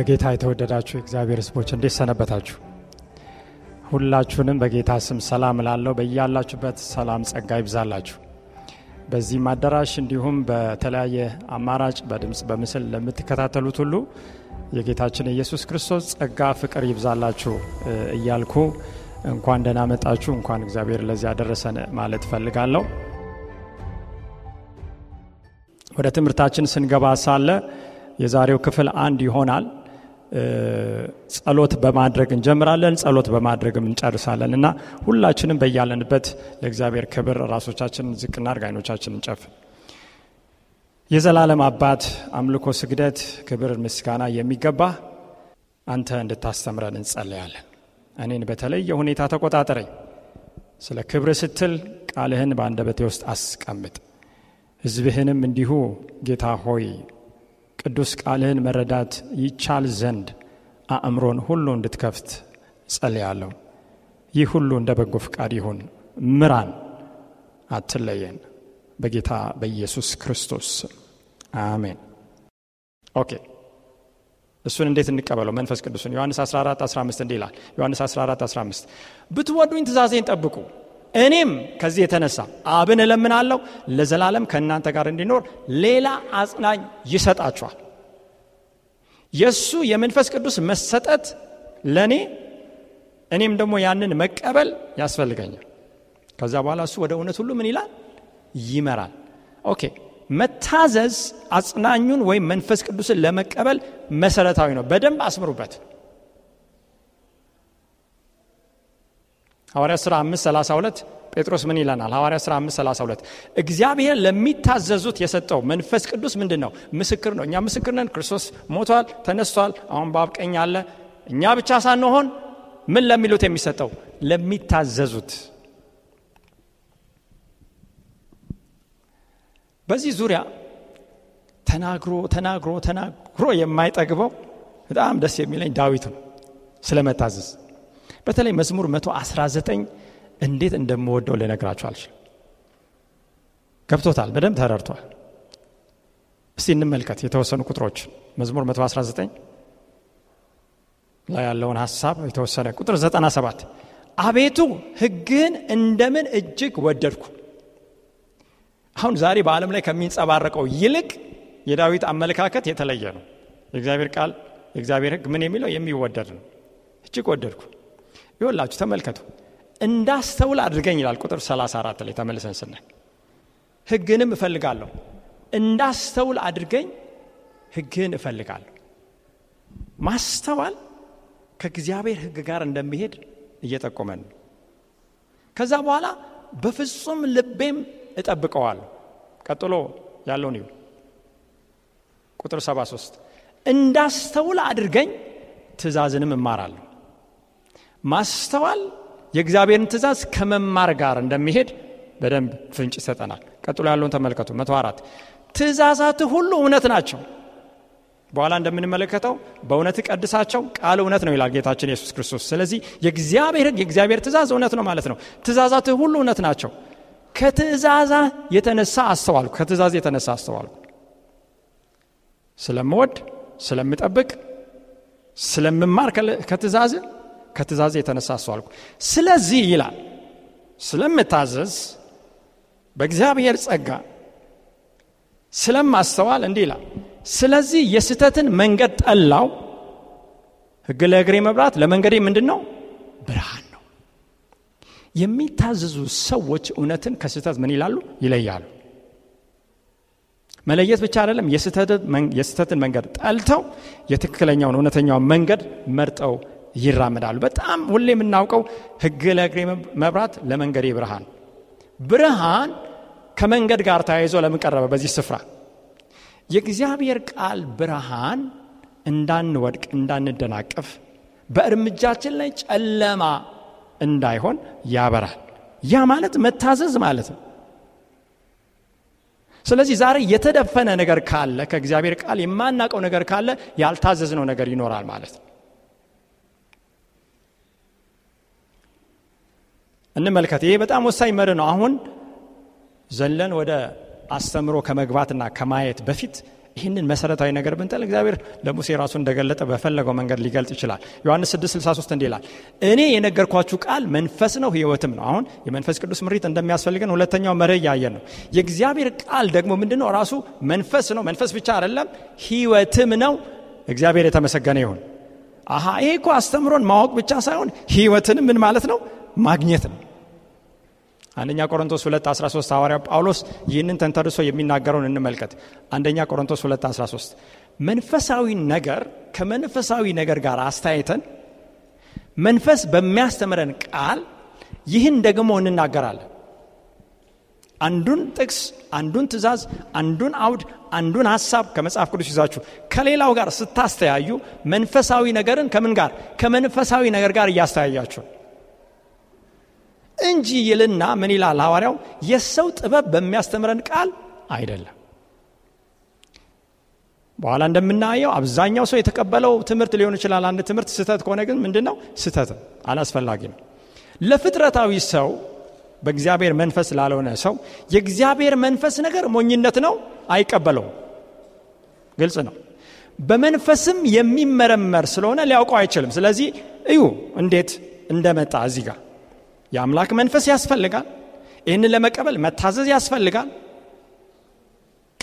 በጌታ የተወደዳችሁ እግዚአብሔር ህዝቦች እንዴት ሰነበታችሁ? ሁላችሁንም በጌታ ስም ሰላም ላለው በያላችሁበት ሰላም ጸጋ ይብዛላችሁ። በዚህም አዳራሽ እንዲሁም በተለያየ አማራጭ በድምፅ በምስል ለምትከታተሉት ሁሉ የጌታችን ኢየሱስ ክርስቶስ ጸጋ፣ ፍቅር ይብዛላችሁ እያልኩ እንኳን ደናመጣችሁ መጣችሁ፣ እንኳን እግዚአብሔር ለዚህ አደረሰን ማለት እፈልጋለሁ። ወደ ትምህርታችን ስንገባ ሳለ የዛሬው ክፍል አንድ ይሆናል። ጸሎት በማድረግ እንጀምራለን፣ ጸሎት በማድረግም እንጨርሳለን እና ሁላችንም በያለንበት ለእግዚአብሔር ክብር ራሶቻችን ዝቅ እናድርግ፣ አይኖቻችንን እንጨፍን። የዘላለም አባት አምልኮ፣ ስግደት፣ ክብር፣ ምስጋና የሚገባ አንተ እንድታስተምረን እንጸለያለን። እኔን በተለየ ሁኔታ ተቆጣጠረኝ። ስለ ክብር ስትል ቃልህን በአንደበቴ ውስጥ አስቀምጥ። ህዝብህንም እንዲሁ ጌታ ሆይ ቅዱስ ቃልህን መረዳት ይቻል ዘንድ አእምሮን ሁሉ እንድትከፍት ጸልያለሁ። ይህ ሁሉ እንደ በጎ ፍቃድ ይሁን። ምራን፣ አትለየን። በጌታ በኢየሱስ ክርስቶስ አሜን። ኦኬ እሱን እንዴት እንቀበለው? መንፈስ ቅዱስን ዮሐንስ 14 15 እንዲህ ይላል። ዮሐንስ 14 15 ብትወዱኝ ትእዛዜን ጠብቁ እኔም ከዚህ የተነሳ አብን እለምናለሁ ለዘላለም ከእናንተ ጋር እንዲኖር ሌላ አጽናኝ ይሰጣችኋል። የእሱ የመንፈስ ቅዱስ መሰጠት ለእኔ እኔም ደግሞ ያንን መቀበል ያስፈልገኛል። ከዛ በኋላ እሱ ወደ እውነት ሁሉ ምን ይላል? ይመራል። ኦኬ መታዘዝ አጽናኙን ወይም መንፈስ ቅዱስን ለመቀበል መሰረታዊ ነው። በደንብ አስምሩበት። ሐዋርያ ሥራ 532 ጴጥሮስ ምን ይለናል? ሐዋርያ ሥራ 532 እግዚአብሔር ለሚታዘዙት የሰጠው መንፈስ ቅዱስ ምንድን ነው? ምስክር ነው። እኛ ምስክር ነን። ክርስቶስ ሞቷል፣ ተነስቷል፣ አሁን በአብ ቀኝ አለ። እኛ ብቻ ሳንሆን ምን ለሚሉት የሚሰጠው ለሚታዘዙት። በዚህ ዙሪያ ተናግሮ ተናግሮ ተናግሮ የማይጠግበው በጣም ደስ የሚለኝ ዳዊት ነው ስለመታዘዝ በተለይ መዝሙር 119 እንዴት እንደምወደው ልነግራቸው አልችልም። ገብቶታል፣ በደንብ ተረድቷል። እስቲ እንመልከት የተወሰኑ ቁጥሮች መዝሙር 119 ላይ ያለውን ሀሳብ የተወሰነ ቁጥር 97 አቤቱ ህግህን እንደምን እጅግ ወደድኩ። አሁን ዛሬ በዓለም ላይ ከሚንጸባረቀው ይልቅ የዳዊት አመለካከት የተለየ ነው። የእግዚአብሔር ቃል የእግዚአብሔር ህግ ምን የሚለው የሚወደድ ነው። እጅግ ወደድኩ ይወላችሁ ተመልከቱ እንዳስተውል አድርገኝ ይላል ቁጥር 34 ላይ ተመልሰን ስናይ ህግንም እፈልጋለሁ እንዳስተውል አድርገኝ ህግህን እፈልጋለሁ ማስተዋል ከእግዚአብሔር ህግ ጋር እንደሚሄድ እየጠቆመን ነው ከዛ በኋላ በፍጹም ልቤም እጠብቀዋል ቀጥሎ ያለውን ይሁ ቁጥር 73 እንዳስተውል አድርገኝ ትእዛዝንም እማራለሁ ማስተዋል የእግዚአብሔርን ትእዛዝ ከመማር ጋር እንደሚሄድ በደንብ ፍንጭ ይሰጠናል። ቀጥሎ ያለውን ተመልከቱ። መቶ አራት ትእዛዛት ሁሉ እውነት ናቸው። በኋላ እንደምንመለከተው በእውነት ቀድሳቸው ቃል እውነት ነው ይላል ጌታችን ኢየሱስ ክርስቶስ። ስለዚህ የእግዚአብሔር የእግዚአብሔር ትእዛዝ እውነት ነው ማለት ነው። ትእዛዛት ሁሉ እውነት ናቸው። ከትእዛዛ የተነሳ አስተዋልኩ። ከትእዛዝ የተነሳ አስተዋልኩ። ስለምወድ፣ ስለምጠብቅ፣ ስለምማር ከትእዛዝ ከትእዛዝ የተነሳ ሰው አልኩ። ስለዚህ ይላል ስለምታዘዝ በእግዚአብሔር ጸጋ ስለማስተዋል እንዲህ ይላል። ስለዚህ የስህተትን መንገድ ጠላው። ህግ ለእግሬ መብራት፣ ለመንገዴ ምንድን ነው? ብርሃን ነው። የሚታዘዙ ሰዎች እውነትን ከስህተት ምን ይላሉ? ይለያሉ። መለየት ብቻ አይደለም፣ የስህተትን መንገድ ጠልተው የትክክለኛውን እውነተኛውን መንገድ መርጠው ይራመዳሉ። በጣም ሁሌ የምናውቀው ህግ ለእግሬ መብራት፣ ለመንገዴ ብርሃን። ብርሃን ከመንገድ ጋር ተያይዞ ለምን በዚህ ስፍራ የእግዚአብሔር ቃል ብርሃን እንዳንወድቅ፣ እንዳንደናቀፍ በእርምጃችን ላይ ጨለማ እንዳይሆን ያበራል። ያ ማለት መታዘዝ ማለት ነው። ስለዚህ ዛሬ የተደፈነ ነገር ካለ ከእግዚአብሔር ቃል የማናውቀው ነገር ካለ ያልታዘዝነው ነገር ይኖራል ማለት ነው። እንመልከት። ይሄ በጣም ወሳኝ መር ነው። አሁን ዘለን ወደ አስተምሮ ከመግባትና ከማየት በፊት ይህንን መሰረታዊ ነገር ብንጠል እግዚአብሔር ለሙሴ ራሱ እንደገለጠ በፈለገው መንገድ ሊገልጥ ይችላል። ዮሐንስ 663 እንዲ ይላል፣ እኔ የነገርኳችሁ ቃል መንፈስ ነው ህይወትም ነው። አሁን የመንፈስ ቅዱስ ምሪት እንደሚያስፈልገን ሁለተኛው መርህ እያየን ነው። የእግዚአብሔር ቃል ደግሞ ምንድነው ራሱ መንፈስ ነው። መንፈስ ብቻ አይደለም ህይወትም ነው። እግዚአብሔር የተመሰገነ ይሁን። አሃ ይሄ እኮ አስተምሮን ማወቅ ብቻ ሳይሆን ህይወትንም ምን ማለት ነው ማግኘት ነው። አንደኛ ቆሮንቶስ 2 13 ሐዋርያው ጳውሎስ ይህንን ተንተርሶ የሚናገረውን እንመልከት። አንደኛ ቆሮንቶስ 2 13 መንፈሳዊ ነገር ከመንፈሳዊ ነገር ጋር አስተያየተን መንፈስ በሚያስተምረን ቃል ይህን ደግሞ እንናገራለን። አንዱን ጥቅስ፣ አንዱን ትእዛዝ፣ አንዱን አውድ፣ አንዱን ሀሳብ ከመጽሐፍ ቅዱስ ይዛችሁ ከሌላው ጋር ስታስተያዩ መንፈሳዊ ነገርን ከምን ጋር ከመንፈሳዊ ነገር ጋር እያስተያያችሁ እንጂ ይልና ምን ይላል ሐዋርያው? የሰው ጥበብ በሚያስተምረን ቃል አይደለም። በኋላ እንደምናየው አብዛኛው ሰው የተቀበለው ትምህርት ሊሆን ይችላል። አንድ ትምህርት ስህተት ከሆነ ግን ምንድን ነው ስህተት አላስፈላጊ ነው። ለፍጥረታዊ ሰው በእግዚአብሔር መንፈስ ላልሆነ ሰው የእግዚአብሔር መንፈስ ነገር ሞኝነት ነው፣ አይቀበለውም። ግልጽ ነው። በመንፈስም የሚመረመር ስለሆነ ሊያውቀው አይችልም። ስለዚህ እዩ እንዴት እንደመጣ እዚህ ጋር የአምላክ መንፈስ ያስፈልጋል። ይህንን ለመቀበል መታዘዝ ያስፈልጋል።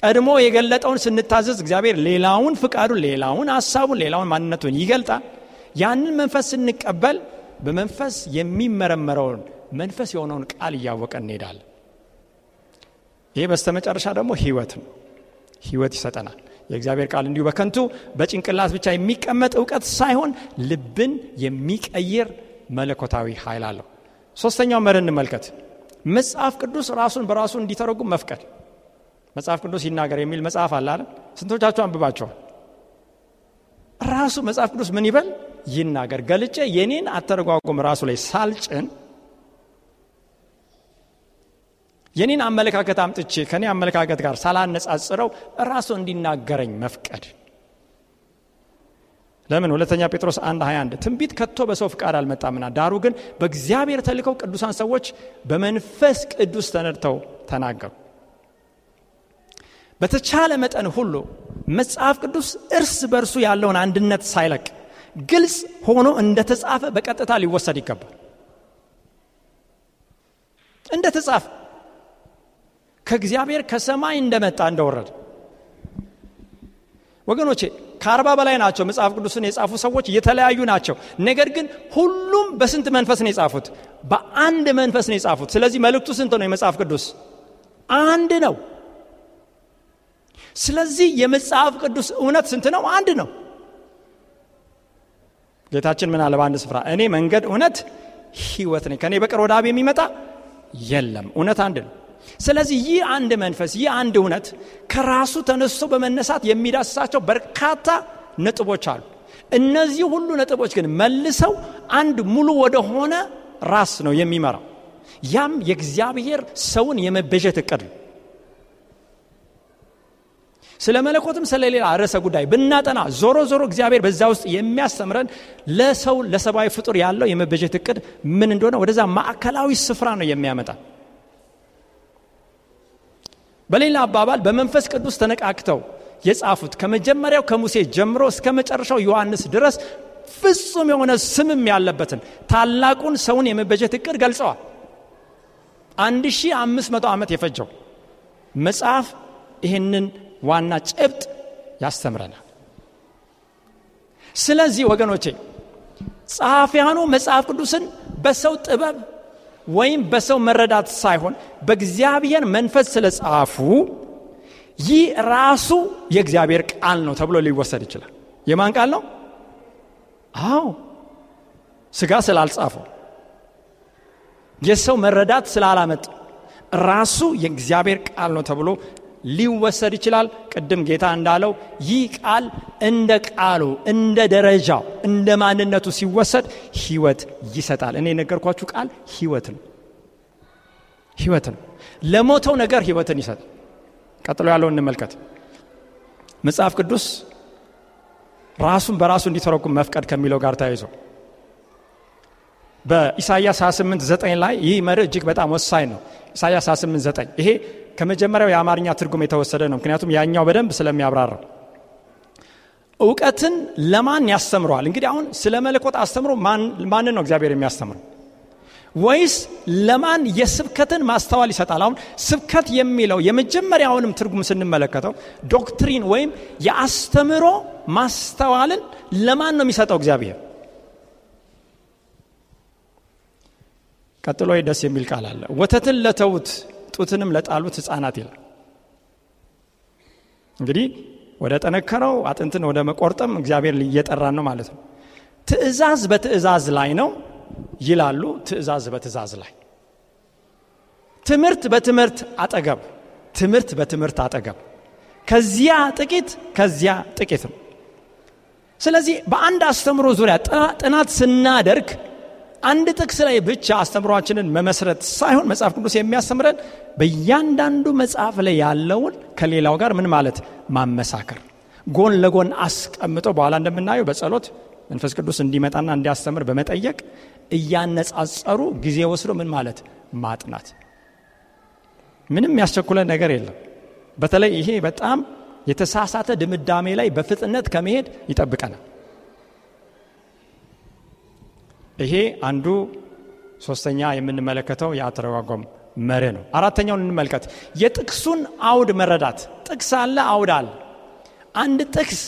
ቀድሞ የገለጠውን ስንታዘዝ እግዚአብሔር ሌላውን ፍቃዱን፣ ሌላውን ሀሳቡን፣ ሌላውን ማንነቱን ይገልጣል። ያንን መንፈስ ስንቀበል በመንፈስ የሚመረመረውን መንፈስ የሆነውን ቃል እያወቀ እንሄዳለን። ይህ በስተመጨረሻ ደግሞ ህይወት ነው። ህይወት ይሰጠናል። የእግዚአብሔር ቃል እንዲሁ በከንቱ በጭንቅላት ብቻ የሚቀመጥ እውቀት ሳይሆን ልብን የሚቀይር መለኮታዊ ኃይል አለው። ሶስተኛው መርህ እንመልከት። መጽሐፍ ቅዱስ ራሱን በራሱ እንዲተረጉም መፍቀድ። መጽሐፍ ቅዱስ ይናገር የሚል መጽሐፍ አለ አይደል? ስንቶቻችሁ አንብባችኋል? ራሱ መጽሐፍ ቅዱስ ምን ይበል ይናገር። ገልጨ የኔን አተረጓጎም ራሱ ላይ ሳልጭን የኔን አመለካከት አምጥቼ ከኔ አመለካከት ጋር ሳላነጻጽረው ራሱ እንዲናገረኝ መፍቀድ ለምን ሁለተኛ ጴጥሮስ 1 21 ትንቢት ከቶ በሰው ፍቃድ አልመጣምና ዳሩ ግን በእግዚአብሔር ተልከው ቅዱሳን ሰዎች በመንፈስ ቅዱስ ተነድተው ተናገሩ። በተቻለ መጠን ሁሉ መጽሐፍ ቅዱስ እርስ በርሱ ያለውን አንድነት ሳይለቅ ግልጽ ሆኖ እንደተጻፈ በቀጥታ ሊወሰድ ይገባል። ተጻፈ ከእግዚአብሔር ከሰማይ እንደመጣ እንደወረደ ወገኖቼ ከአርባ በላይ ናቸው መጽሐፍ ቅዱስን የጻፉ ሰዎች የተለያዩ ናቸው። ነገር ግን ሁሉም በስንት መንፈስ ነው የጻፉት? በአንድ መንፈስ ነው የጻፉት። ስለዚህ መልእክቱ ስንት ነው? የመጽሐፍ ቅዱስ አንድ ነው። ስለዚህ የመጽሐፍ ቅዱስ እውነት ስንት ነው? አንድ ነው። ጌታችን ምን አለ በአንድ ስፍራ እኔ መንገድ፣ እውነት፣ ህይወት ነኝ ከእኔ በቀር ወደ አብ የሚመጣ የለም። እውነት አንድ ነው። ስለዚህ ይህ አንድ መንፈስ ይህ አንድ እውነት ከራሱ ተነስቶ በመነሳት የሚዳስሳቸው በርካታ ነጥቦች አሉ እነዚህ ሁሉ ነጥቦች ግን መልሰው አንድ ሙሉ ወደሆነ ራስ ነው የሚመራው ያም የእግዚአብሔር ሰውን የመበጀት እቅድ ነው ስለ መለኮትም ስለ ሌላ ርዕሰ ጉዳይ ብናጠና ዞሮ ዞሮ እግዚአብሔር በዛ ውስጥ የሚያስተምረን ለሰው ለሰብአዊ ፍጡር ያለው የመበጀት እቅድ ምን እንደሆነ ወደዛ ማዕከላዊ ስፍራ ነው የሚያመጣ በሌላ አባባል በመንፈስ ቅዱስ ተነቃክተው የጻፉት ከመጀመሪያው ከሙሴ ጀምሮ እስከ መጨረሻው ዮሐንስ ድረስ ፍጹም የሆነ ስምም ያለበትን ታላቁን ሰውን የመበጀት እቅድ ገልጸዋል። መቶ ዓመት የፈጀው መጽሐፍ ይህንን ዋና ጭብጥ ያስተምረናል። ስለዚህ ወገኖቼ ጸሐፊያኑ መጽሐፍ ቅዱስን በሰው ጥበብ ወይም በሰው መረዳት ሳይሆን በእግዚአብሔር መንፈስ ስለ ጻፉ ይህ ራሱ የእግዚአብሔር ቃል ነው ተብሎ ሊወሰድ ይችላል። የማን ቃል ነው? አዎ ስጋ ስላልጻፈው የሰው መረዳት ስላላመጥ ራሱ የእግዚአብሔር ቃል ነው ተብሎ ሊወሰድ ይችላል። ቅድም ጌታ እንዳለው ይህ ቃል እንደ ቃሉ እንደ ደረጃው እንደ ማንነቱ ሲወሰድ ህይወት ይሰጣል። እኔ የነገርኳችሁ ቃል ህይወት ነው። ህይወት ነው። ለሞተው ነገር ህይወትን ይሰጥ ቀጥሎ ያለው እንመልከት። መጽሐፍ ቅዱስ ራሱን በራሱ እንዲተረጉም መፍቀድ ከሚለው ጋር ተያይዞ በኢሳያስ 28 9 ላይ ይህ መርህ እጅግ በጣም ወሳኝ ነው። ኢሳያስ 28 9 ይሄ ከመጀመሪያው የአማርኛ ትርጉም የተወሰደ ነው። ምክንያቱም ያኛው በደንብ ስለሚያብራራው እውቀትን ለማን ያስተምረዋል? እንግዲህ አሁን ስለ መለኮት አስተምሮ ማንን ነው እግዚአብሔር የሚያስተምረው? ወይስ ለማን የስብከትን ማስተዋል ይሰጣል? አሁን ስብከት የሚለው የመጀመሪያውንም ትርጉም ስንመለከተው ዶክትሪን ወይም የአስተምሮ ማስተዋልን ለማን ነው የሚሰጠው እግዚአብሔር? ቀጥሎ ደስ የሚል ቃል አለ። ወተትን ለተውት? ጡትንም ለጣሉት ህፃናት ይላል። እንግዲህ ወደ ጠነከረው አጥንትን ወደ መቆርጠም እግዚአብሔር እየጠራን ነው ማለት ነው። ትእዛዝ በትእዛዝ ላይ ነው ይላሉ። ትእዛዝ በትእዛዝ ላይ ትምህርት በትምህርት አጠገብ ትምህርት በትምህርት አጠገብ ከዚያ ጥቂት ከዚያ ጥቂት ነው። ስለዚህ በአንድ አስተምሮ ዙሪያ ጥናት ስናደርግ አንድ ጥቅስ ላይ ብቻ አስተምሯችንን መመስረት ሳይሆን መጽሐፍ ቅዱስ የሚያስተምረን በእያንዳንዱ መጽሐፍ ላይ ያለውን ከሌላው ጋር ምን ማለት ማመሳከር ጎን ለጎን አስቀምጦ በኋላ እንደምናየው በጸሎት መንፈስ ቅዱስ እንዲመጣና እንዲያስተምር በመጠየቅ እያነጻጸሩ ጊዜ ወስዶ ምን ማለት ማጥናት ምንም ያስቸኩለ ነገር የለም በተለይ ይሄ በጣም የተሳሳተ ድምዳሜ ላይ በፍጥነት ከመሄድ ይጠብቀናል ይሄ አንዱ ሶስተኛ የምንመለከተው የአተረጓጎም መሬ ነው። አራተኛውን እንመልከት፣ የጥቅሱን አውድ መረዳት። ጥቅስ አለ፣ አውድ አለ። አንድ ጥቅስ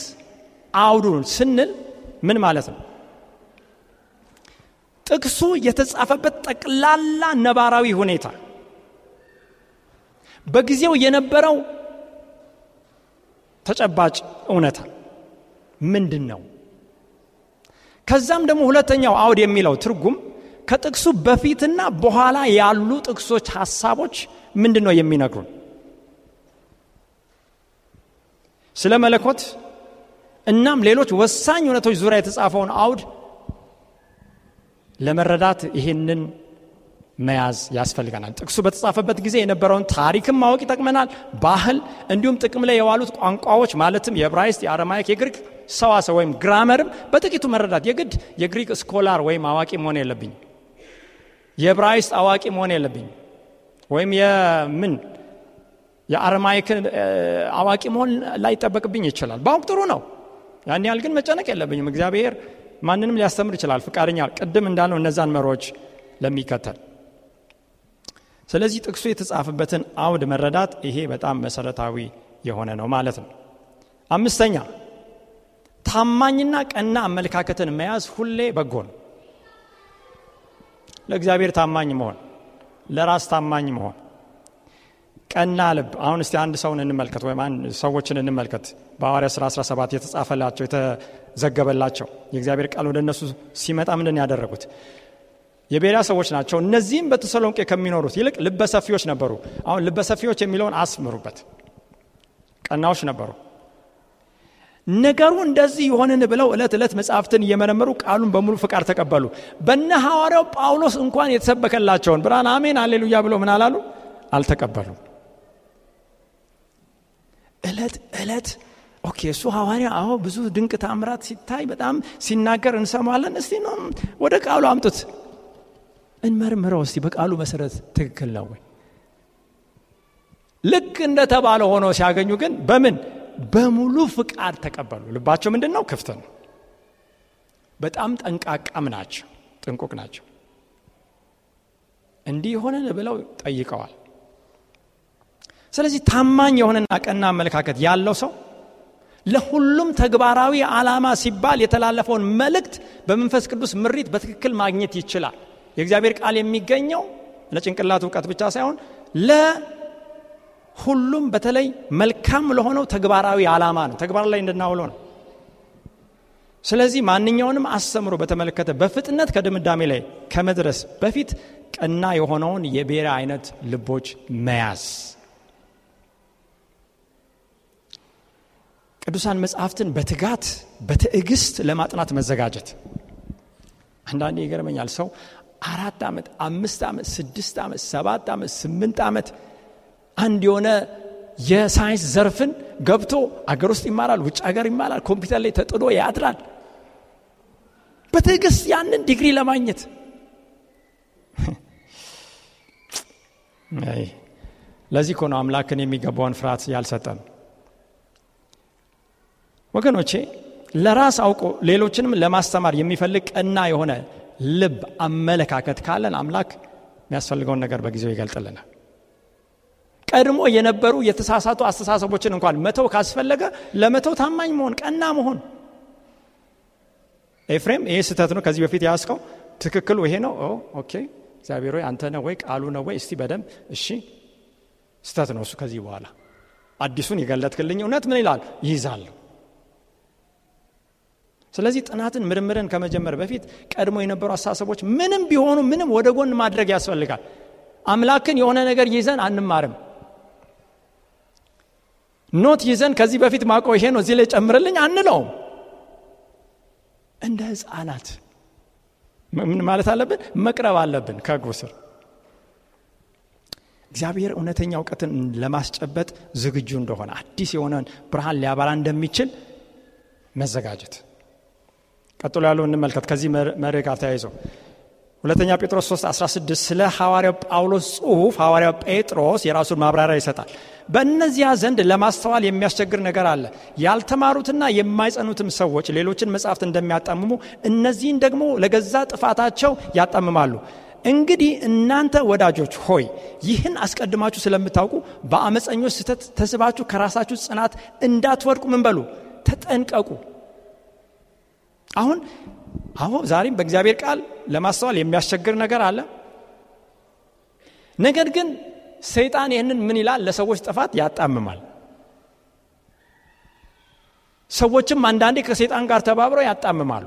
አውዱን ስንል ምን ማለት ነው? ጥቅሱ የተጻፈበት ጠቅላላ ነባራዊ ሁኔታ፣ በጊዜው የነበረው ተጨባጭ እውነታ ምንድን ነው? ከዛም ደግሞ ሁለተኛው አውድ የሚለው ትርጉም ከጥቅሱ በፊትና በኋላ ያሉ ጥቅሶች ሀሳቦች ምንድን ነው የሚነግሩን ስለ መለኮት እናም ሌሎች ወሳኝ እውነቶች ዙሪያ የተጻፈውን አውድ ለመረዳት ይህንን መያዝ ያስፈልገናል። ጥቅሱ በተጻፈበት ጊዜ የነበረውን ታሪክም ማወቅ ይጠቅመናል። ባህል፣ እንዲሁም ጥቅም ላይ የዋሉት ቋንቋዎች ማለትም የብራይስት የአረማይክ፣ የግሪክ ሰዋሰው ወይም ግራመርም በጥቂቱ መረዳት የግድ የግሪክ ስኮላር ወይም አዋቂ መሆን የለብኝ የብራይስ አዋቂ መሆን የለብኝ ወይም የምን የአርማይክ አዋቂ መሆን ላይጠበቅብኝ ይችላል በአሁን ጥሩ ነው ያን ያህል ግን መጨነቅ የለብኝም እግዚአብሔር ማንንም ሊያስተምር ይችላል ፍቃደኛ ቅድም እንዳልነው እነዛን መሮች ለሚከተል ስለዚህ ጥቅሱ የተጻፈበትን አውድ መረዳት ይሄ በጣም መሰረታዊ የሆነ ነው ማለት ነው አምስተኛ ታማኝና ቀና አመለካከትን መያዝ ሁሌ በጎ ነው። ለእግዚአብሔር ታማኝ መሆን፣ ለራስ ታማኝ መሆን፣ ቀና ልብ። አሁን እስቲ አንድ ሰውን እንመልከት ወይም ሰዎችን እንመልከት። በሐዋርያ ሥራ 17 የተጻፈላቸው የተዘገበላቸው የእግዚአብሔር ቃል ወደ እነሱ ሲመጣ ምንድን ያደረጉት የቤሪያ ሰዎች ናቸው። እነዚህም በተሰሎንቄ ከሚኖሩት ይልቅ ልበሰፊዎች ነበሩ። አሁን ልበሰፊዎች የሚለውን አስምሩበት። ቀናዎች ነበሩ። ነገሩ እንደዚህ ይሆንን ብለው ዕለት ዕለት መጽሐፍትን እየመረመሩ ቃሉን በሙሉ ፍቃድ ተቀበሉ። በነ ሐዋርያው ጳውሎስ እንኳን የተሰበከላቸውን ብርሃን አሜን አሌሉያ ብለው ምን አላሉ? አልተቀበሉም። ዕለት ዕለት ኦኬ፣ እሱ ሐዋርያ አዎ፣ ብዙ ድንቅ ታምራት ሲታይ በጣም ሲናገር እንሰማለን። እስቲ ወደ ቃሉ አምጡት እንመርምረው እስቲ በቃሉ መሰረት ትክክል ነው ወይ? ልክ እንደተባለ ሆኖ ሲያገኙ ግን በምን በሙሉ ፍቃድ ተቀበሉ። ልባቸው ምንድን ነው? ክፍት ነው። በጣም ጠንቃቃም ናቸው፣ ጥንቁቅ ናቸው። እንዲህ የሆነን ብለው ጠይቀዋል። ስለዚህ ታማኝ የሆነና ቀና አመለካከት ያለው ሰው ለሁሉም ተግባራዊ ዓላማ ሲባል የተላለፈውን መልእክት በመንፈስ ቅዱስ ምሪት በትክክል ማግኘት ይችላል። የእግዚአብሔር ቃል የሚገኘው ለጭንቅላት እውቀት ብቻ ሳይሆን ሁሉም በተለይ መልካም ለሆነው ተግባራዊ ዓላማ ነው፣ ተግባር ላይ እንድናውለው ነው። ስለዚህ ማንኛውንም አስተምሮ በተመለከተ በፍጥነት ከድምዳሜ ላይ ከመድረስ በፊት ቀና የሆነውን የብሔር አይነት ልቦች መያዝ ቅዱሳን መጽሐፍትን በትጋት በትዕግስት ለማጥናት መዘጋጀት። አንዳንዴ ይገርመኛል ሰው አራት ዓመት፣ አምስት ዓመት፣ ስድስት ዓመት፣ ሰባት ዓመት፣ ስምንት ዓመት አንድ የሆነ የሳይንስ ዘርፍን ገብቶ አገር ውስጥ ይማራል፣ ውጭ ሀገር ይማራል፣ ኮምፒውተር ላይ ተጥዶ ያድራል። በትዕግስት ያንን ዲግሪ ለማግኘት ለዚህ ከሆነ አምላክን የሚገባውን ፍርሃት ያልሰጠን። ወገኖቼ ለራስ አውቆ ሌሎችንም ለማስተማር የሚፈልግ ቀና የሆነ ልብ አመለካከት ካለን አምላክ የሚያስፈልገውን ነገር በጊዜው ይገልጥልናል። ቀድሞ የነበሩ የተሳሳቱ አስተሳሰቦችን እንኳን መተው ካስፈለገ ለመተው ታማኝ መሆን፣ ቀና መሆን። ኤፍሬም ይሄ ስህተት ነው፣ ከዚህ በፊት ያስቀው ትክክል ይሄ ነው። ኦኬ እግዚአብሔር አንተ ነ ወይ ቃሉ ነው ወይ እስቲ በደም እሺ፣ ስህተት ነው እሱ። ከዚህ በኋላ አዲሱን የገለጥክልኝ እውነት ምን ይላል ይይዛል። ስለዚህ ጥናትን ምርምርን ከመጀመር በፊት ቀድሞ የነበሩ አስተሳሰቦች ምንም ቢሆኑ ምንም ወደ ጎን ማድረግ ያስፈልጋል። አምላክን የሆነ ነገር ይዘን አንማርም። ኖት ይዘን ከዚህ በፊት ማቆ ይሄ ነው እዚህ ላይ ጨምርልኝ አንለውም እንደ ህፃናት ምን ማለት አለብን መቅረብ አለብን ከህጉ ስር እግዚአብሔር እውነተኛ እውቀትን ለማስጨበጥ ዝግጁ እንደሆነ አዲስ የሆነን ብርሃን ሊያበራ እንደሚችል መዘጋጀት ቀጥሎ ያለው እንመልከት ከዚህ መሬ ጋር ተያይዘው ሁለተኛ ጴጥሮስ 3 16 ስለ ሐዋርያው ጳውሎስ ጽሑፍ ሐዋርያው ጴጥሮስ የራሱን ማብራሪያ ይሰጣል። በእነዚያ ዘንድ ለማስተዋል የሚያስቸግር ነገር አለ። ያልተማሩትና የማይጸኑትም ሰዎች ሌሎችን መጻሕፍት እንደሚያጣምሙ እነዚህን ደግሞ ለገዛ ጥፋታቸው ያጣምማሉ። እንግዲህ እናንተ ወዳጆች ሆይ ይህን አስቀድማችሁ ስለምታውቁ በአመፀኞች ስህተት ተስባችሁ ከራሳችሁ ጽናት እንዳትወድቁ ምን በሉ ተጠንቀቁ። አሁን አሁን ዛሬም በእግዚአብሔር ቃል ለማስተዋል የሚያስቸግር ነገር አለ። ነገር ግን ሰይጣን ይህንን ምን ይላል? ለሰዎች ጥፋት ያጣምማል። ሰዎችም አንዳንዴ ከሰይጣን ጋር ተባብረው ያጣምማሉ።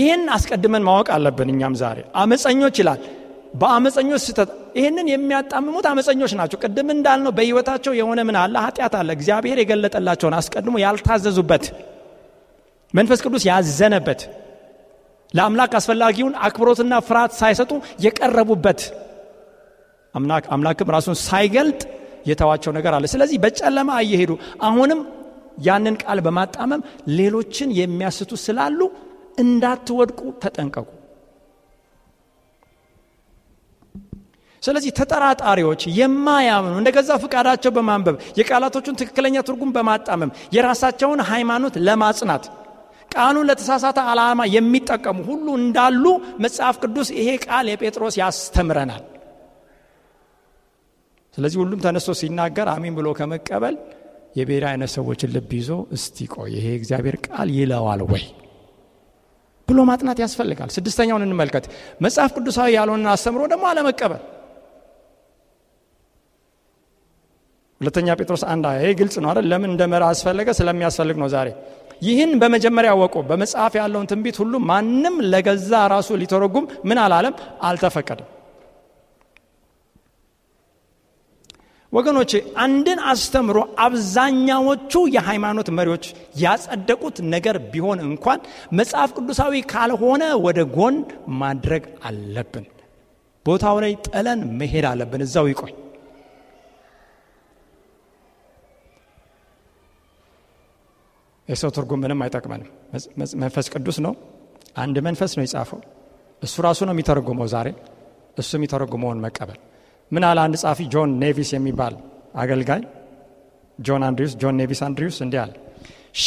ይህን አስቀድመን ማወቅ አለብን። እኛም ዛሬ አመፀኞች ይላል በአመፀኞች ስህተት ይህንን የሚያጣምሙት አመፀኞች ናቸው። ቅድም እንዳልነው በህይወታቸው የሆነ ምን አለ ኃጢአት አለ። እግዚአብሔር የገለጠላቸውን አስቀድሞ ያልታዘዙበት መንፈስ ቅዱስ ያዘነበት ለአምላክ አስፈላጊውን አክብሮትና ፍርሃት ሳይሰጡ የቀረቡበት አምላክም ራሱን ሳይገልጥ የተዋቸው ነገር አለ። ስለዚህ በጨለማ እየሄዱ አሁንም ያንን ቃል በማጣመም ሌሎችን የሚያስቱ ስላሉ እንዳትወድቁ ተጠንቀቁ። ስለዚህ ተጠራጣሪዎች የማያምኑ እንደ ገዛ ፈቃዳቸው በማንበብ የቃላቶቹን ትክክለኛ ትርጉም በማጣመም የራሳቸውን ሃይማኖት ለማጽናት ቃሉን ለተሳሳተ ዓላማ የሚጠቀሙ ሁሉ እንዳሉ መጽሐፍ ቅዱስ ይሄ ቃል የጴጥሮስ ያስተምረናል። ስለዚህ ሁሉም ተነስቶ ሲናገር አሚን ብሎ ከመቀበል የቤሪ አይነት ሰዎችን ልብ ይዞ እስቲ ቆይ ይሄ እግዚአብሔር ቃል ይለዋል ወይ ብሎ ማጥናት ያስፈልጋል። ስድስተኛውን እንመልከት። መጽሐፍ ቅዱሳዊ ያልሆነን አስተምሮ ደግሞ አለመቀበል። ሁለተኛ ጴጥሮስ አንድ ይሄ ግልጽ ነው አይደል? ለምን እንደ መራ አስፈለገ? ስለሚያስፈልግ ነው ዛሬ ይህን በመጀመሪያ ወቁ በመጽሐፍ ያለውን ትንቢት ሁሉ ማንም ለገዛ ራሱ ሊተረጉም ምን አላለም፣ አልተፈቀደም። ወገኖቼ አንድን አስተምሮ አብዛኛዎቹ የሃይማኖት መሪዎች ያጸደቁት ነገር ቢሆን እንኳን መጽሐፍ ቅዱሳዊ ካልሆነ ወደ ጎን ማድረግ አለብን። ቦታው ላይ ጥለን መሄድ አለብን። እዛው ይቆይ። የሰው ትርጉም ምንም አይጠቅመንም። መንፈስ ቅዱስ ነው፣ አንድ መንፈስ ነው የጻፈው። እሱ ራሱ ነው የሚተረጉመው። ዛሬ እሱ የሚተረጉመውን መቀበል ምን አለ አንድ ጻፊ ጆን ኔቪስ የሚባል አገልጋይ ጆን አንድሪውስ ጆን ኔቪስ አንድሪውስ እንዲህ አለ፣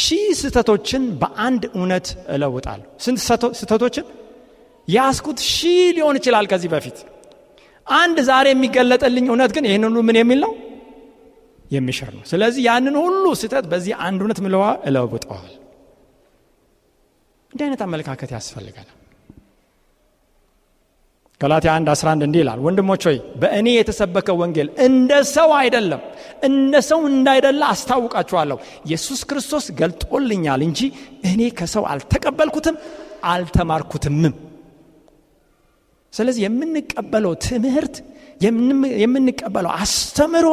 ሺህ ስህተቶችን በአንድ እውነት እለውጣለሁ። ስንት ስህተቶችን ያስኩት? ሺህ ሊሆን ይችላል ከዚህ በፊት አንድ ዛሬ የሚገለጠልኝ እውነት ግን ይህን ሁሉ ምን የሚል ነው የሚሽር ነው። ስለዚህ ያንን ሁሉ ስህተት በዚህ አንድ እውነት ምለዋ እለውጠዋል። እንዲህ አይነት አመለካከት ያስፈልጋል። ገላትያ 1 11 እንዲህ ይላል፣ ወንድሞች ሆይ በእኔ የተሰበከ ወንጌል እንደ ሰው አይደለም፣ እንደ ሰው እንዳይደለ አስታውቃችኋለሁ። ኢየሱስ ክርስቶስ ገልጦልኛል እንጂ እኔ ከሰው አልተቀበልኩትም አልተማርኩትምም። ስለዚህ የምንቀበለው ትምህርት የምንቀበለው አስተምሮ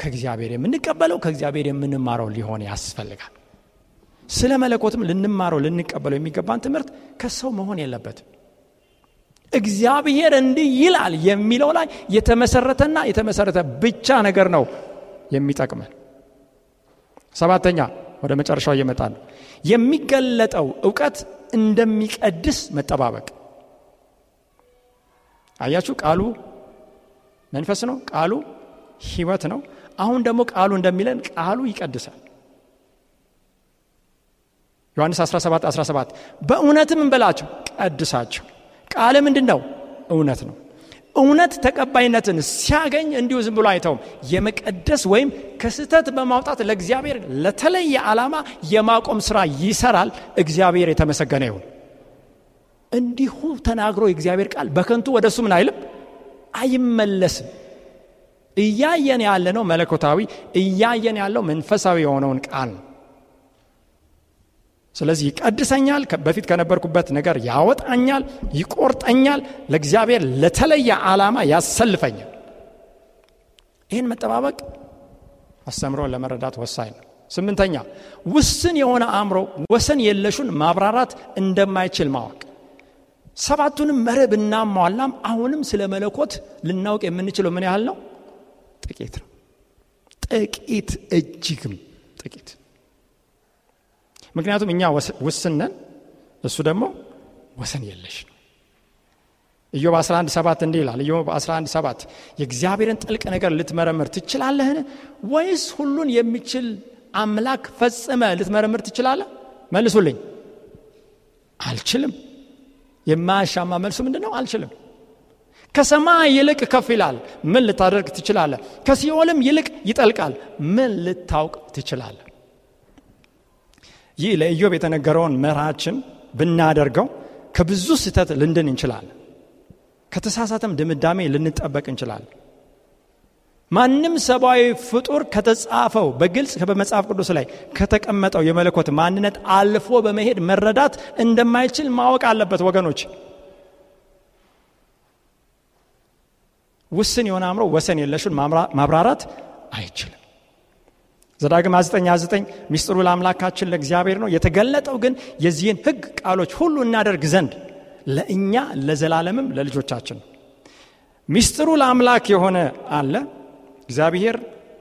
ከእግዚአብሔር የምንቀበለው ከእግዚአብሔር የምንማረው ሊሆን ያስፈልጋል። ስለ መለኮትም ልንማረው ልንቀበለው የሚገባን ትምህርት ከሰው መሆን የለበትም። እግዚአብሔር እንዲህ ይላል የሚለው ላይ የተመሰረተና የተመሰረተ ብቻ ነገር ነው የሚጠቅመን። ሰባተኛ ወደ መጨረሻው እየመጣ ነው። የሚገለጠው እውቀት እንደሚቀድስ መጠባበቅ። አያችሁ፣ ቃሉ መንፈስ ነው። ቃሉ ህይወት ነው። አሁን ደግሞ ቃሉ እንደሚለን ቃሉ ይቀድሳል። ዮሐንስ 17 17 በእውነትም እንበላቸው ቀድሳቸው። ቃል ምንድን ነው? እውነት ነው። እውነት ተቀባይነትን ሲያገኝ እንዲሁ ዝም ብሎ አይተውም። የመቀደስ ወይም ከስህተት በማውጣት ለእግዚአብሔር ለተለየ ዓላማ የማቆም ስራ ይሰራል። እግዚአብሔር የተመሰገነ ይሁን። እንዲሁ ተናግሮ የእግዚአብሔር ቃል በከንቱ ወደ እሱ ምን አይልም፣ አይመለስም። እያየን ያለ ነው መለኮታዊ እያየን ያለው መንፈሳዊ የሆነውን ቃል ነው። ስለዚህ ይቀድሰኛል፣ በፊት ከነበርኩበት ነገር ያወጣኛል፣ ይቆርጠኛል፣ ለእግዚአብሔር ለተለየ ዓላማ ያሰልፈኛል። ይህን መጠባበቅ አስተምሮ ለመረዳት ወሳኝ ነው። ስምንተኛ ውስን የሆነ አእምሮ ወሰን የለሹን ማብራራት እንደማይችል ማወቅ። ሰባቱንም መረብ እናሟላም አሁንም ስለ መለኮት ልናውቅ የምንችለው ምን ያህል ነው? ጥቂት ነው። ጥቂት እጅግም ጥቂት። ምክንያቱም እኛ ውስነን፣ እሱ ደግሞ ወሰን የለሽ ነው። ኢዮብ 11 ሰባት እንዲህ ይላል። ኢዮብ 11 ሰባት የእግዚአብሔርን ጥልቅ ነገር ልትመረምር ትችላለህን? ወይስ ሁሉን የሚችል አምላክ ፈጽመ ልትመረምር ትችላለህ? መልሱልኝ። አልችልም። የማያሻማ መልሱ ምንድን ነው? አልችልም። ከሰማይ ይልቅ ከፍ ይላል። ምን ልታደርግ ትችላለ ከሲኦልም ይልቅ ይጠልቃል። ምን ልታውቅ ትችላለ ይህ ለኢዮብ የተነገረውን መርሃችን ብናደርገው ከብዙ ስህተት ልንድን እንችላል? ከተሳሳተም ድምዳሜ ልንጠበቅ እንችላል? ማንም ሰብአዊ ፍጡር ከተጻፈው በግልጽ በመጽሐፍ ቅዱስ ላይ ከተቀመጠው የመለኮት ማንነት አልፎ በመሄድ መረዳት እንደማይችል ማወቅ አለበት ወገኖች። ውስን የሆነ አእምሮ ወሰን የለሹን ማብራራት አይችልም። ዘዳግም 9፥29 ሚስጥሩ ለአምላካችን ለእግዚአብሔር ነው የተገለጠው ግን የዚህን ህግ ቃሎች ሁሉ እናደርግ ዘንድ ለእኛ ለዘላለምም ለልጆቻችን ነው። ሚስጥሩ ለአምላክ የሆነ አለ። እግዚአብሔር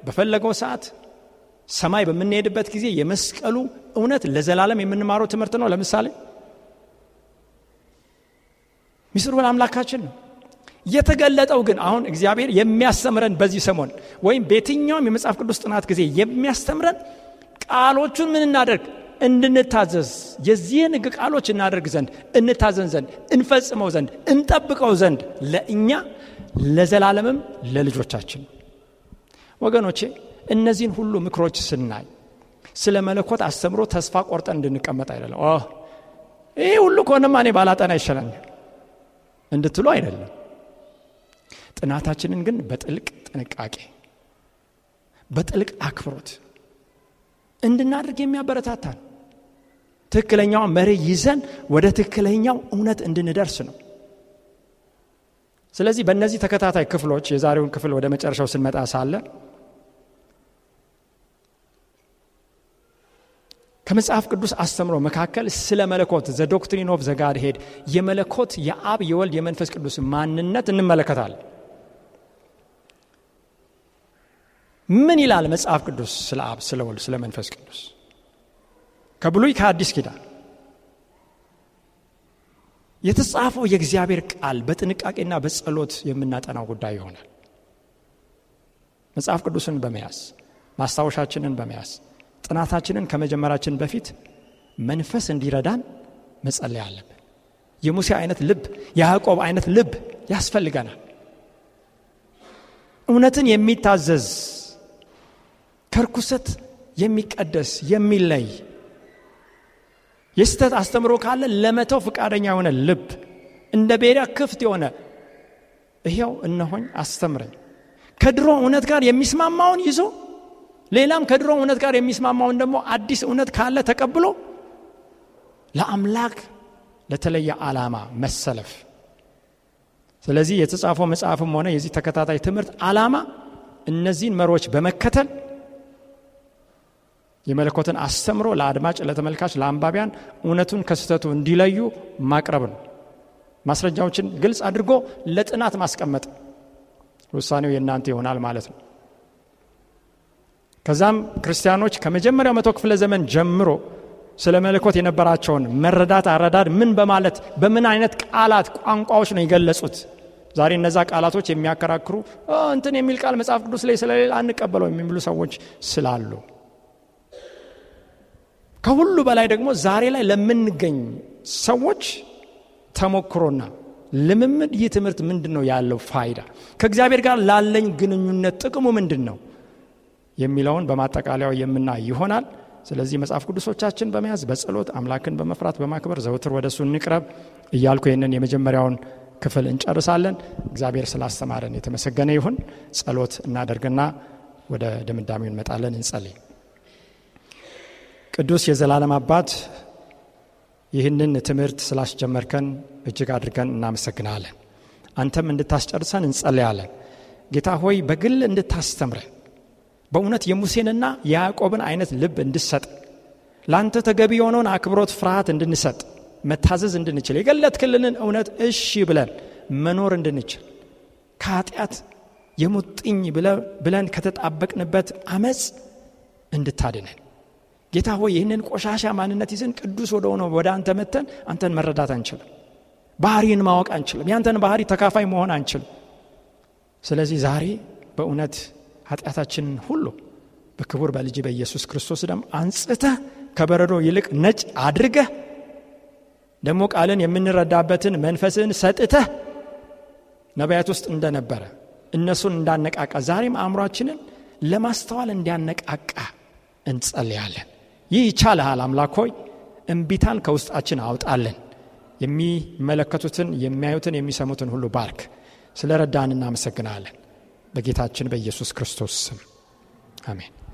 በፈለገው ሰዓት ሰማይ በምንሄድበት ጊዜ የመስቀሉ እውነት ለዘላለም የምንማረው ትምህርት ነው። ለምሳሌ ሚስጥሩ ለአምላካችን ነው። የተገለጠው ግን አሁን እግዚአብሔር የሚያስተምረን በዚህ ሰሞን ወይም በየትኛውም የመጽሐፍ ቅዱስ ጥናት ጊዜ የሚያስተምረን ቃሎቹን ምን እናደርግ እንድንታዘዝ የዚህን ህግ ቃሎች እናደርግ ዘንድ እንታዘን ዘንድ እንፈጽመው ዘንድ እንጠብቀው ዘንድ ለእኛ ለዘላለምም ለልጆቻችን ወገኖቼ እነዚህን ሁሉ ምክሮች ስናይ ስለ መለኮት አስተምሮ ተስፋ ቆርጠን እንድንቀመጥ አይደለም ይህ ሁሉ ከሆነማ እኔ ባላጠና ይሻለኛል እንድትሉ አይደለም ጥናታችንን ግን በጥልቅ ጥንቃቄ በጥልቅ አክብሮት እንድናደርግ የሚያበረታታን ትክክለኛው መሪ ይዘን ወደ ትክክለኛው እውነት እንድንደርስ ነው ስለዚህ በእነዚህ ተከታታይ ክፍሎች የዛሬውን ክፍል ወደ መጨረሻው ስንመጣ ሳለ ከመጽሐፍ ቅዱስ አስተምሮ መካከል ስለ መለኮት ዘ ዶክትሪን ኦፍ ዘጋድ ሄድ የመለኮት የአብ የወልድ የመንፈስ ቅዱስ ማንነት እንመለከታለን ምን ይላል መጽሐፍ ቅዱስ ስለ አብ ስለ ወልድ ስለ መንፈስ ቅዱስ ከብሉይ ከአዲስ ኪዳን የተጻፈው የእግዚአብሔር ቃል በጥንቃቄና በጸሎት የምናጠናው ጉዳይ ይሆናል መጽሐፍ ቅዱስን በመያዝ ማስታወሻችንን በመያዝ ጥናታችንን ከመጀመራችን በፊት መንፈስ እንዲረዳን መጸለይ አለብን የሙሴ አይነት ልብ የያዕቆብ አይነት ልብ ያስፈልገናል እውነትን የሚታዘዝ ከርኩሰት የሚቀደስ የሚለይ የስተት አስተምሮ ካለ ለመተው ፍቃደኛ የሆነ ልብ እንደ ቤዳ ክፍት የሆነ ይሄው እነሆኝ አስተምረኝ ከድሮ እውነት ጋር የሚስማማውን ይዞ ሌላም ከድሮ እውነት ጋር የሚስማማውን ደግሞ አዲስ እውነት ካለ ተቀብሎ ለአምላክ ለተለየ ዓላማ መሰለፍ ስለዚህ የተጻፈው መጽሐፍም ሆነ የዚህ ተከታታይ ትምህርት ዓላማ እነዚህን መሮች በመከተል የመለኮትን አስተምሮ ለአድማጭ ለተመልካች ለአንባቢያን እውነቱን ከስህተቱ እንዲለዩ ማቅረብ ነው። ማስረጃዎችን ግልጽ አድርጎ ለጥናት ማስቀመጥ። ውሳኔው የእናንተ ይሆናል ማለት ነው። ከዛም ክርስቲያኖች ከመጀመሪያው መቶ ክፍለ ዘመን ጀምሮ ስለ መለኮት የነበራቸውን መረዳት አረዳድ ምን በማለት በምን አይነት ቃላት ቋንቋዎች ነው የገለጹት? ዛሬ እነዛ ቃላቶች የሚያከራክሩ እንትን የሚል ቃል መጽሐፍ ቅዱስ ላይ ስለሌላ አንቀበለው የሚሉ ሰዎች ስላሉ ከሁሉ በላይ ደግሞ ዛሬ ላይ ለምንገኝ ሰዎች ተሞክሮና ልምምድ ይህ ትምህርት ምንድን ነው ያለው ፋይዳ ከእግዚአብሔር ጋር ላለኝ ግንኙነት ጥቅሙ ምንድን ነው የሚለውን በማጠቃለያው የምናይ ይሆናል ስለዚህ መጽሐፍ ቅዱሶቻችን በመያዝ በጸሎት አምላክን በመፍራት በማክበር ዘውትር ወደ እሱ እንቅረብ እያልኩ ይህንን የመጀመሪያውን ክፍል እንጨርሳለን እግዚአብሔር ስላስተማረን የተመሰገነ ይሁን ጸሎት እናደርግና ወደ ድምዳሜው እንመጣለን እንጸልይ ቅዱስ የዘላለም አባት ይህንን ትምህርት ስላስጀመርከን እጅግ አድርገን እናመሰግናለን። አንተም እንድታስጨርሰን እንጸለያለን። ጌታ ሆይ በግል እንድታስተምረ በእውነት የሙሴንና የያዕቆብን አይነት ልብ እንድሰጥ ለአንተ ተገቢ የሆነውን አክብሮት፣ ፍርሃት እንድንሰጥ መታዘዝ እንድንችል የገለት ክልልን እውነት እሺ ብለን መኖር እንድንችል ከኃጢአት የሙጥኝ ብለን ከተጣበቅንበት አመፅ እንድታድነን ጌታ ሆይ ይህንን ቆሻሻ ማንነት ይዘን ቅዱስ ወደ ሆነ ወደ አንተ መተን አንተን መረዳት አንችልም ባህሪን ማወቅ አንችልም ያንተን ባህሪ ተካፋይ መሆን አንችልም ስለዚህ ዛሬ በእውነት ኃጢአታችንን ሁሉ በክቡር በልጅ በኢየሱስ ክርስቶስ ደም አንጽተ ከበረዶ ይልቅ ነጭ አድርገ ደግሞ ቃልን የምንረዳበትን መንፈስን ሰጥተ ነቢያት ውስጥ እንደነበረ እነሱን እንዳነቃቃ ዛሬም አእምሯችንን ለማስተዋል እንዲያነቃቃ እንጸልያለን ይህ ይቻልሃል አምላክ ሆይ እምቢታን ከውስጣችን አውጣለን። የሚመለከቱትን የሚያዩትን የሚሰሙትን ሁሉ ባርክ። ስለ ረዳን እናመሰግናለን። በጌታችን በኢየሱስ ክርስቶስ ስም አሜን።